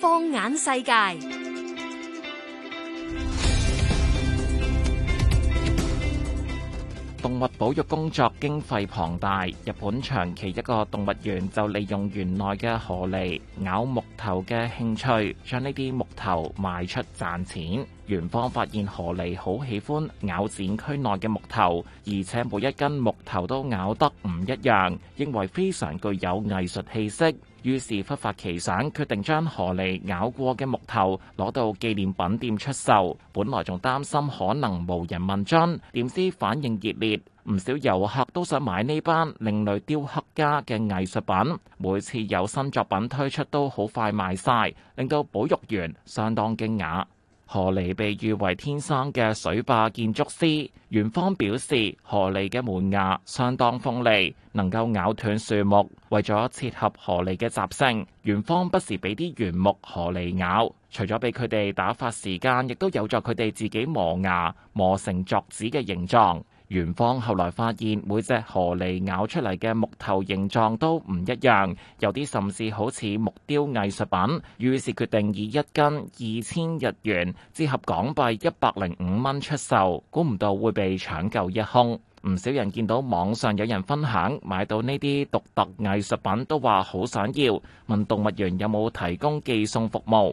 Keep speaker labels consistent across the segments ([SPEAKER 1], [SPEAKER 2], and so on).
[SPEAKER 1] 放眼世界。動物保育工作經費龐大，日本長崎一個動物園就利用園內嘅河狸咬木頭嘅興趣，將呢啲木頭賣出賺錢。園方發現河狸好喜歡咬展區內嘅木頭，而且每一根木頭都咬得唔一樣，認為非常具有藝術氣息。於是忽發奇想，決定將河狸咬過嘅木頭攞到紀念品店出售。本來仲擔心可能無人問津，點知反應熱烈，唔少遊客都想買呢班另類雕刻家嘅藝術品。每次有新作品推出，都好快賣晒，令到保育員相當驚訝。河狸被譽為天生嘅水壩建築師。園方表示，河狸嘅門牙相當鋒利，能夠咬斷樹木。為咗切合河狸嘅習性，園方不時俾啲原木河狸咬，除咗俾佢哋打發時間，亦都有助佢哋自己磨牙磨成作紙嘅形狀。園方後來發現每隻河狸咬出嚟嘅木頭形狀都唔一樣，有啲甚至好似木雕藝術品，於是決定以一斤二千日元折合港幣一百零五蚊出售。估唔到會被搶購一空，唔少人見到網上有人分享買到呢啲獨特藝術品，都話好想要，問動物園有冇提供寄送服務。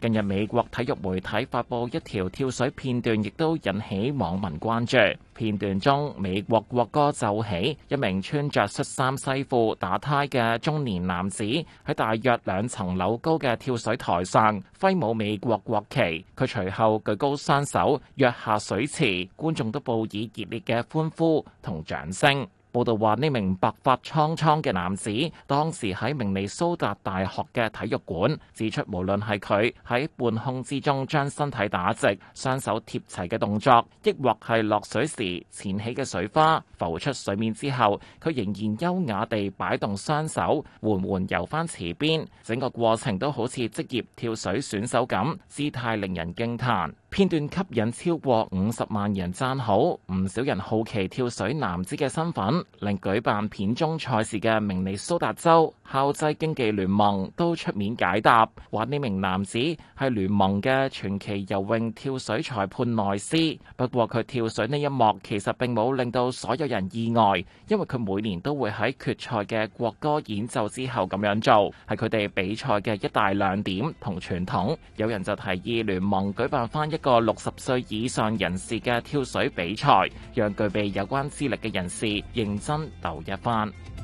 [SPEAKER 1] 近日美國體育媒體發布一條跳水片段，亦都引起網民關注。片段中美國國歌奏起，一名穿着恤衫西褲打呔嘅中年男子喺大約兩層樓高嘅跳水台上揮舞美國國旗，佢隨後舉高雙手躍下水池，觀眾都報以熱烈嘅歡呼同掌聲。報道話：呢名白髮蒼蒼嘅男子當時喺明尼蘇達大學嘅體育館指出無論，無論係佢喺半空之中將身體打直，雙手貼齊嘅動作，抑或係落水時濺起嘅水花，浮出水面之後，佢仍然優雅地擺動雙手，緩緩游翻池邊，整個過程都好似職業跳水選手咁，姿態令人驚嘆。片段吸引超過五十萬人讚好，唔少人好奇跳水男子嘅身份。令舉辦片中賽事嘅明尼蘇達州校際競技聯盟都出面解答，話呢名男子係聯盟嘅傳奇游泳跳水裁判內斯。不過佢跳水呢一幕其實並冇令到所有人意外，因為佢每年都會喺決賽嘅國歌演奏之後咁樣做，係佢哋比賽嘅一大亮點同傳統。有人就提議聯盟舉辦翻一個六十歲以上人士嘅跳水比賽，讓具備有關資歷嘅人士認真投一番。